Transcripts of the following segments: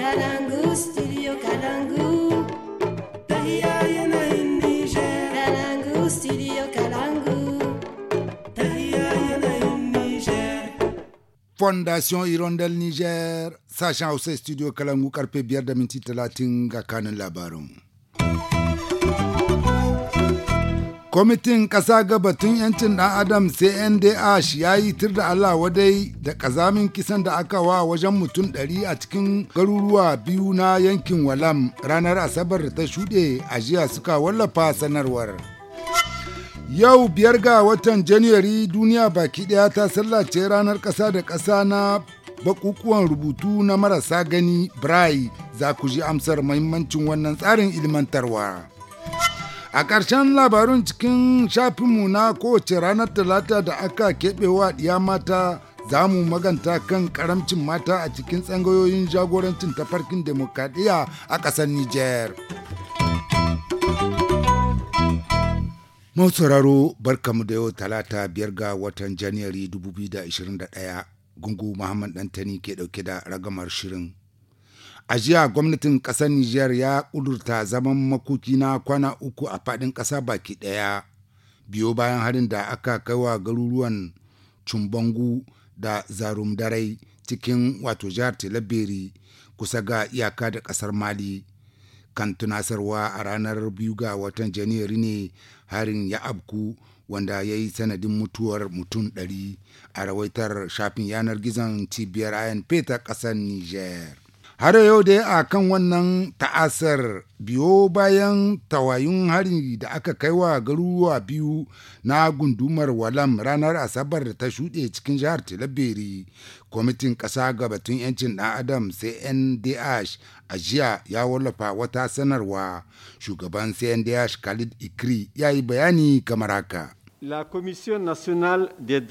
Kalangu, studio Kalangu. Tahiya yana Niger. Kalangu, studio Kalangu. Niger. Fondation Hirondelle Niger, sashen Hausa studio Kalangu karfe biyar da minti talatin ga kanin labarin. kwamitin ƙasa ga batun 'yancin ɗan adam cndh ya yi tir da allah wadai da ƙazamin kisan da aka wa wajen mutum ɗari a cikin garuruwa biyu na yankin walam ranar asabar ta shuɗe a jiya suka wallafa sanarwar yau biyar ga watan january duniya baki ɗaya ta sallace ranar ƙasa da ƙasa na bakukuwan rubutu na marasa gani brai za ku ji amsar muhimmancin wannan tsarin ilmantarwa. A ƙarshen labarun cikin shafinmu na kowace ranar talata da aka keɓewa ɗiya mata za mu maganta kan ƙaramcin mata a cikin tsangayoyin jagorancin tafarkin demokadiyya a ƙasar Nijar. sauraro barkamu da yau talata biyar ga watan Janairu 2021 gungu Muhammad Dantani ke ɗauke da ragamar shirin. A jiya gwamnatin ƙasar Nijar ya ƙudurta zaman makoki na kwana uku a faɗin ƙasa baki ɗaya, biyo bayan harin da aka kai wa garuruwan Cumbangu da Zarumdarai cikin wato jihar tilabiri kusa ga iyaka da ƙasar Mali. Kan tunasarwa a ranar biyu ga watan Janairu ne harin ya abku wanda ya yi sanadin mutuwar mutum ɗari a rawaitar shafin yanar gizon cibiyar ayan ta ƙasar Nijar. har yau dai a kan wannan ta'asar biyo bayan tawayin hari da aka kai wa garuruwa biyu na gundumar walam ranar asabar da ta shuɗe cikin jihar tilabiri kwamitin ƙasa ga batun 'yancin ɗan adam cndh a jiya ya wallafa wata sanarwa shugaban cndh khalid ikri ya yi bayani kamar haka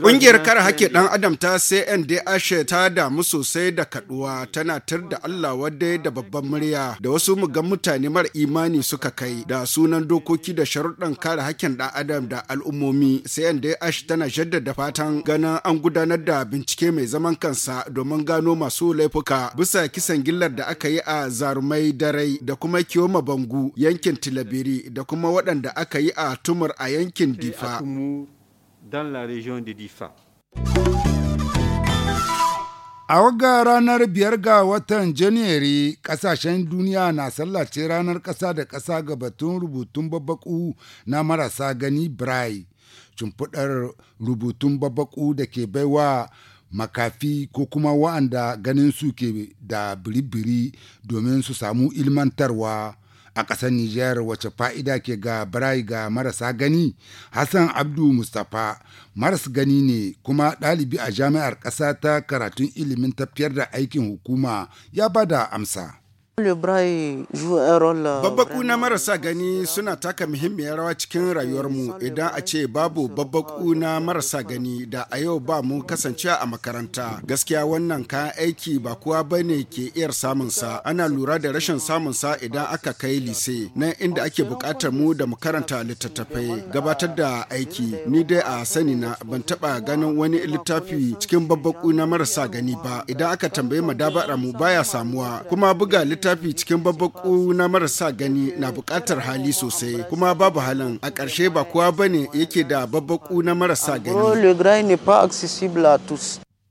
Ƙungiyar kare haƙƙi ɗan Adam ta CNDH ta damu sosai da kaɗuwa tana tar da Allah wadda da babban murya da wasu mugan mutane mara imani suka kai da sunan dokoki da sharuɗan kare haƙƙin ɗan Adam da al'ummomi. CNDH tana jaddada fatan ganin an gudanar da bincike mai zaman kansa domin gano masu laifuka bisa kisan gillar da aka yi a Zarumai Darai da kuma Kiyoma Bangu yankin Tilabiri da kuma waɗanda aka yi a Tumur a yankin Difa. Timur dans la région de Difa. A waga ranar biyar ga watan Janairu kasashen duniya na sallace ranar ƙasa da ƙasa ga batun rubutun babbaku na marasa gani Brai. Cumfuɗar rubutun babbaku da ke baiwa makafi ko kuma wa'anda ganin su ke da biribiri domin su samu ilmantarwa a ƙasar Nijar wacce fa'ida ke ga birai ga marasa gani? Hassan Abdu Mustapha maras gani ne kuma ɗalibi a jami'ar ƙasa ta karatun ilimin tafiyar da aikin hukuma ya bada amsa. Euh, babbaku na marasa gani suna taka muhimmiyar rawa cikin rayuwarmu idan a ce babu babbaku na marasa gani da a yau ba mu kasancewa a makaranta. Gaskiya wannan kayan aiki ba kuwa ba ne ke iyar sa, Ana lura da rashin samun sa idan aka kai lise na inda ake bukatar mu da makaranta littattafai gabatar da aiki. Ni dai a sani na ban taba ganin wani littafi cikin babbaku na marasa gani ba. Idan aka tambaye madabarar mu baya samuwa kuma buga littafi littafi cikin babbaku na marasa gani na buƙatar hali sosai kuma babu halin a ƙarshe ba kowa bane yake da babbaku na marasa gani.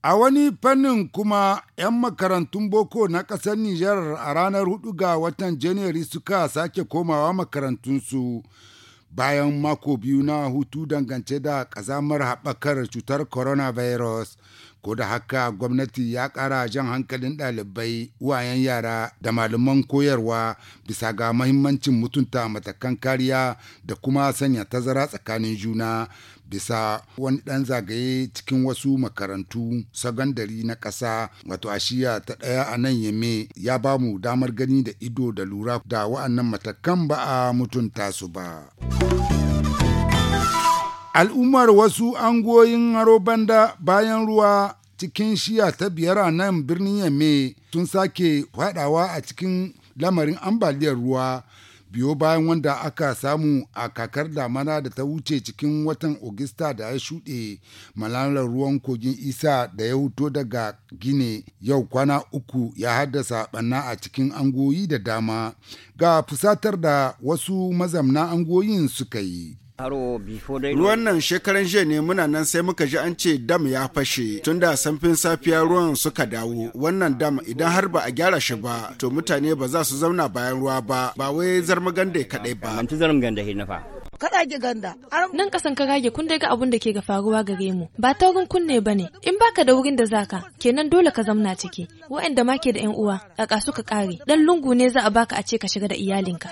A wani fannin kuma 'yan makarantun boko na ƙasar Nijar a ranar 4 ga watan Janairu suka sake komawa makarantunsu bayan mako biyu na hutu dangance da ƙazamar haɓakar cutar coronavirus. ko da haka gwamnati ya ƙara jan hankalin ɗalibai wayan yara da malaman koyarwa bisa ga mahimmancin mutunta matakan kariya da kuma sanya tazara tsakanin juna bisa wani ɗan zagaye cikin wasu makarantu sagandari na ƙasa wato ashiya ta ɗaya a nan yame ya ba mu damar gani da ido da lura da wa'annan matakan ba a mutunta su ba. al'ummar wasu angoyin haro banda bayan ruwa cikin shiya ta biyar a nan birnin yamme sun sake fadawa a cikin lamarin ambaliyar ruwa biyo bayan wanda aka samu a kakar damana da ta wuce cikin watan ogista da ya shuɗe malalar ruwan kogin isa da ya huto daga gine yau kwana uku ya haddasa banna a cikin angoyi da dama ga fusatar da wasu mazamna angoyin suka yi Ruwan nan shekaran jiya ne muna nan sai muka ji an ce dam ya fashe tunda samfin safiya ruwan suka dawo. Wannan dam idan har ba a gyara shi ba to mutane ba za su zauna bayan ruwa ba ba wai zarmaganda kadai ba. ki ganda. Nan kasan ka gage kun dai ga abun da ke ga faruwa gare mu. Ba taurin kunne ba ne. In baka da wurin da zaka, kenan dole ka zamna ciki. Wa'anda ma ke da yan uwa, a kasu ka kare. Dan lungu ne za a baka a ce ka shiga da iyalinka.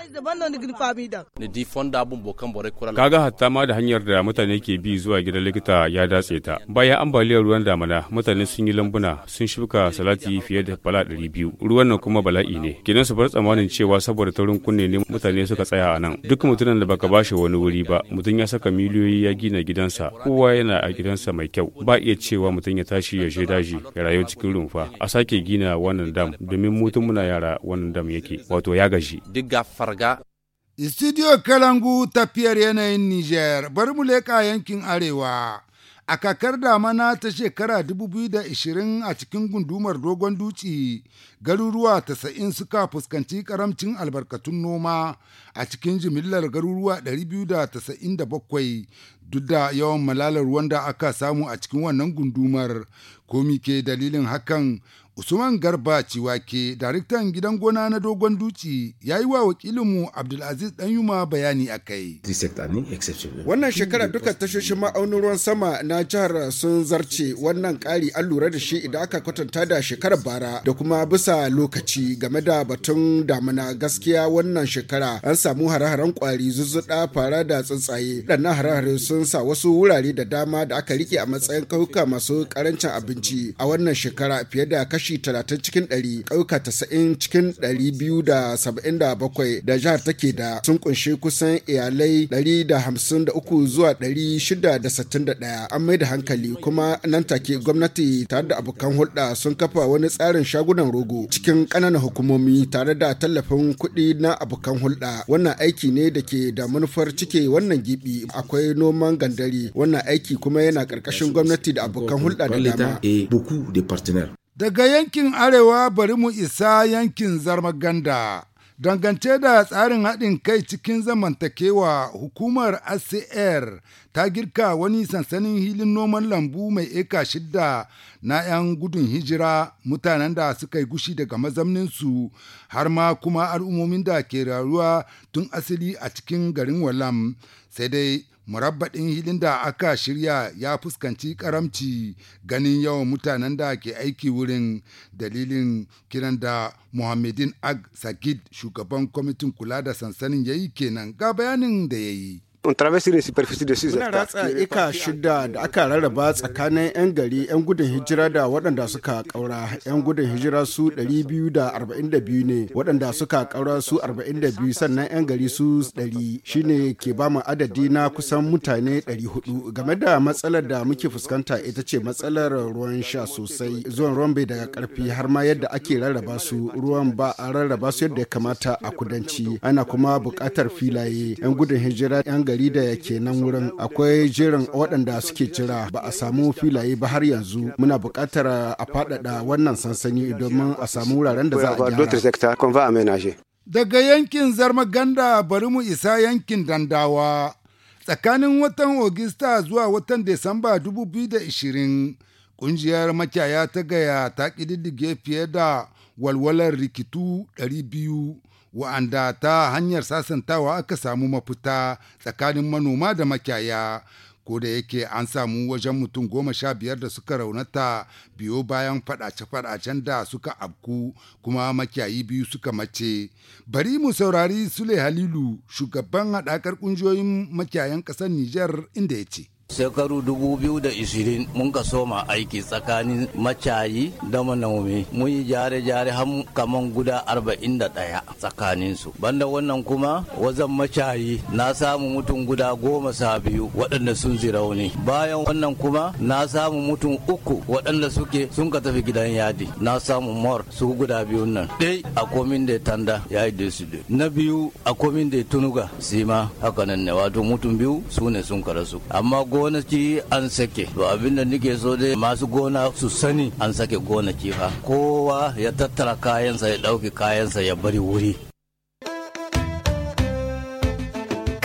Kaga hatta ma da hanyar da mutane ke bi zuwa gidan likita ya datse ta. Bayan ambaliyar ruwan damana, mutane sun yi lambuna, sun shuka salati fiye da bala 200 Ruwan nan kuma bala'i ne. Kenan su bar tsammanin cewa saboda taurin kunne ne mutane suka tsaya a nan. Duk mutumin da baka bashi wani wani wuri ba mutum ya saka miliyoyi ya gina gidansa kowa yana a gidansa mai kyau ba iya cewa mutum ya tashi ya je daji ya rayu cikin rumfa a sake gina wannan dam domin mutum muna yara wannan dam yake wato ya gaji Studio Kalangu tafiyar yanayin Nijar, bari mu leƙa yankin Arewa. A kakar damana ta shekara 2020 a cikin gundumar dogon dutse garuruwa tasa'in suka fuskanci karamcin albarkatun noma a cikin jimillar garuruwa 297 duk da yawan malalar wanda aka samu a cikin wannan gundumar komi ke dalilin hakan Usman Garba Ciwake, daraktan gidan gona na Dogon Duci, ya yi wa wakilinmu Abdulaziz Danyuma bayani a kai. Wannan shekara duka tashoshin ma'aunin ruwan sama na jihar sun zarce wannan kari an lura da shi idan aka kwatanta da shekarar bara da kuma bisa lokaci game da batun damuna gaskiya wannan shekara an samu hare kwari zuzzuɗa fara da tsuntsaye. waɗannan hare-hare sun sa wasu wurare da dama da aka rike a matsayin kauka masu karancin abinci a wannan shekara fiye da kashi kashi 30 cikin 100 ƙauyuka 90 cikin 277 da jihar take da sun kunshi kusan iyalai 153 zuwa 661 an mai da hankali kuma nan take gwamnati tare da abokan hulɗa sun kafa wani tsarin shagunan rogo cikin ƙananan hukumomi tare da tallafin kuɗi na abokan hulɗa wannan aiki ne da ke da manufar cike wannan gibi akwai noman gandari wannan aiki kuma yana ƙarƙashin gwamnati da abokan hulɗa da dama. Daga yankin Arewa bari mu isa yankin Zarmaganda. Dangance da tsarin haɗin kai cikin zamantakewa, hukumar ACR ta girka wani sansanin hilin noman lambu mai eka shidda na 'yan gudun hijira mutanen da suka yi gushi daga mazamninsu har ma kuma al'ummomin da ke rayuwa tun asali a cikin garin Walam. Sai dai murabbaɗin hilin da aka shirya ya fuskanci karamci ganin yawan mutanen da ke aiki wurin dalilin kiran da muhammadin ag sagid shugaban kwamitin kula da sansanin yayi kenan ga bayanin da ya yi on traversing superficie de six muna ratsa shida da aka rarraba tsakanin yan gari yan gudun hijira da waɗanda suka kaura yan gudun hijira su 242 ne waɗanda suka kaura su 42 sannan yan gari su 100 shine ke ba mu adadi na kusan mutane 400 game da matsalar da muke fuskanta ita ce matsalar ruwan sha sosai zuwan ruwan bai daga karfi har ma yadda ake rarraba su ruwan ba a rarraba su yadda ya kamata a kudanci ana kuma buƙatar filaye yan gudun hijira yan gari jarida da ke nan wurin akwai jerin waɗanda suke jira ba a samu filaye ba har yanzu muna buƙatar a faɗaɗa wannan sansani domin a samu wuraren da za a gyara. Daga yankin Zarmaganda bari mu isa yankin Dandawa. Tsakanin watan Ogista zuwa watan Desamba 2020, ƙungiyar makiyaya ta gaya ta ƙididdige fiye da walwalar rikitu 200 wa'anda ta hanyar sasantawa aka samu mafita tsakanin manoma da makyaya ko da yake an samu wajen mutum goma sha biyar da suka raunata biyo bayan fadace-fadacen da suka abku kuma makiyayi biyu suka mace bari mu saurari sule halilu shugaban haɗakar ƙungiyoyin makiyayan ƙasar nijar inda ya ce Shekaru 2020 mun ka soma aiki tsakanin macayi da manomi. Mun yi jare-jare har kaman guda 41 tsakaninsu. Banda wannan kuma wazan macayi na samu mutum guda goma sa biyu waɗanda sun ji rauni. Bayan wannan kuma na samu mutum uku waɗanda suke sun ka tafi gidan yadi. Na samu mor su guda biyu nan. Ɗai a komin da tanda ya yi su Na biyu a komin da tunuga sima haka nan ne wato mutum biyu su ne sun rasu Amma gonaki an sake to abinda nike so dai masu gona su sani an sake gonaki fa kowa ya tattara kayansa ya ɗauki kayansa ya bari wuri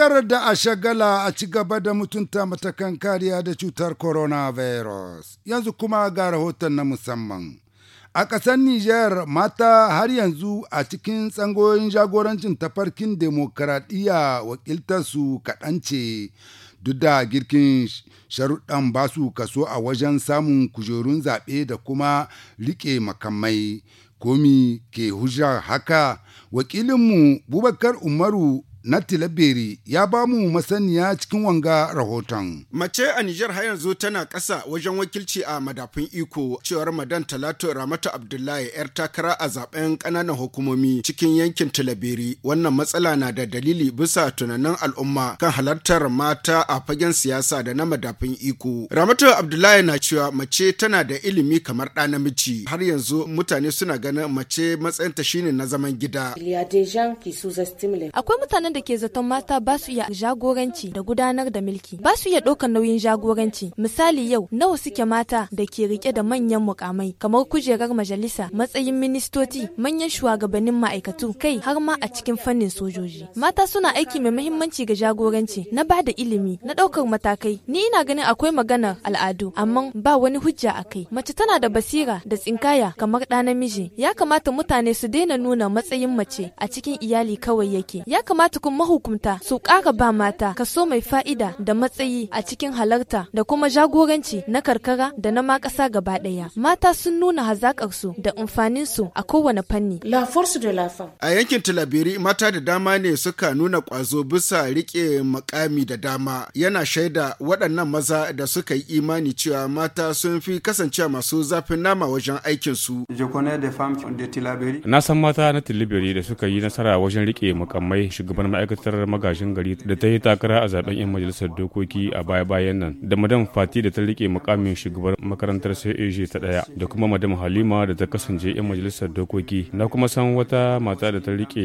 kar da a shagala a ci gaba da mutunta matakan kariya da cutar coronavirus. Yanzu kuma ga rahoton na musamman. A ƙasar Nijar mata har yanzu a cikin tsangoyin jagorancin tafarkin demokaradiyya wakiltarsu kaɗan ce duk da girkin sharuɗan ba su kaso a wajen samun kujerun zaɓe da kuma riƙe makamai. Komi ke hujja haka wakilinmu Bubakar Umaru na Tilaberi ya ba mu masaniya cikin wanga rahoton. Mace a Nijar har yanzu tana ƙasa wajen wakilci a madafin iko cewar madan Talatu Ramatu Abdullahi 'yar takara a zaben ƙananan hukumomi cikin yankin Tilaberi. Wannan matsala na da dalili bisa tunanin al'umma kan halartar mata a fagen siyasa da na madafin iko. Ramatu Abdullahi na cewa mace tana da ilimi kamar ɗa namiji har yanzu mutane suna ganin mace matsayinta shine na zaman gida. Akwai mutanen mutanen da ke zaton mata ba su iya jagoranci da gudanar da milki, ba su iya ɗaukar nauyin jagoranci misali yau nawa suke mata da ke rike da manyan mukamai kamar kujerar majalisa matsayin ministoci manyan shugabannin ma'aikatu kai har ma a cikin fannin sojoji mata suna aiki mai muhimmanci ga jagoranci na ba da ilimi na ɗaukar matakai ni ina ganin akwai maganar al'adu amma ba wani hujja a kai mace tana da basira da tsinkaya kamar ɗa namiji ya kamata mutane su daina nuna matsayin mace a cikin iyali kawai yake ya kamata tukun mahukunta su ƙara ba mata kaso mai fa'ida da matsayi a cikin halarta da kuma jagoranci na karkara da na ma ƙasa gaba ɗaya. Mata sun nuna hazaƙarsu da amfaninsu a kowane fanni. La force de la femme. A yankin Talabiri mata da dama ne suka nuna ƙwazo bisa riƙe makami da dama yana shaida waɗannan maza da suka yi imani cewa mata sun fi kasancewa masu zafin nama wajen aikinsu. Na san mata na Talabiri da suka yi nasara wajen riƙe makamai shugaban ma'aikatar magashin gari da ta yi takara a zaben 'yan majalisar dokoki a baya-bayan nan da madam fati da ta rike mukamin shugabar makarantar CAG ta daya da kuma madam halima da ta kasance 'yan majalisar dokoki na kuma san wata mata da ta rike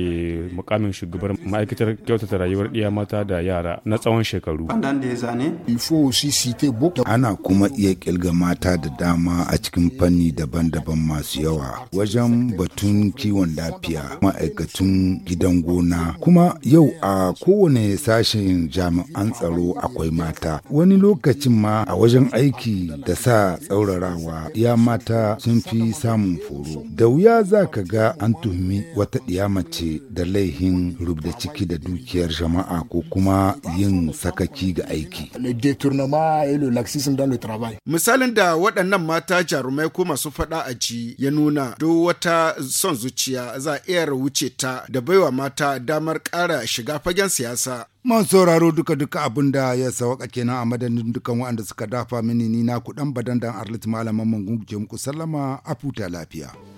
mukamin shugabar ma'aikatar kyautata rayuwar iya mata da yara na tsawon shekaru ana kuma iya kilga mata da dama a cikin fanni daban-daban masu yawa wajen batun kiwon lafiya ma'aikatun gidan gona kuma Yau a kowane sashen jami'an tsaro akwai mata. Wani lokacin ma a wajen aiki da sa tsaurarawa ya mata sun fi samun foro. Da wuya za ka ga an tuhumi wata ɗiya mace da laihin rubda ciki da dukiyar jama'a ko kuma yin sakaki ga aiki. Misalin da waɗannan mata jarumai ko masu faɗa a ji ya nuna do wata son zuciya za a iya wuce ta da baiwa mata damar ƙara shiga fagen siyasa. Man sauraro duka-duka abin da ya sawaka kenan a madadin dukan waɗanda suka dafa mini ni na kuɗan dan Arlit Malaman Mangungu ke muku sallama a futa lafiya.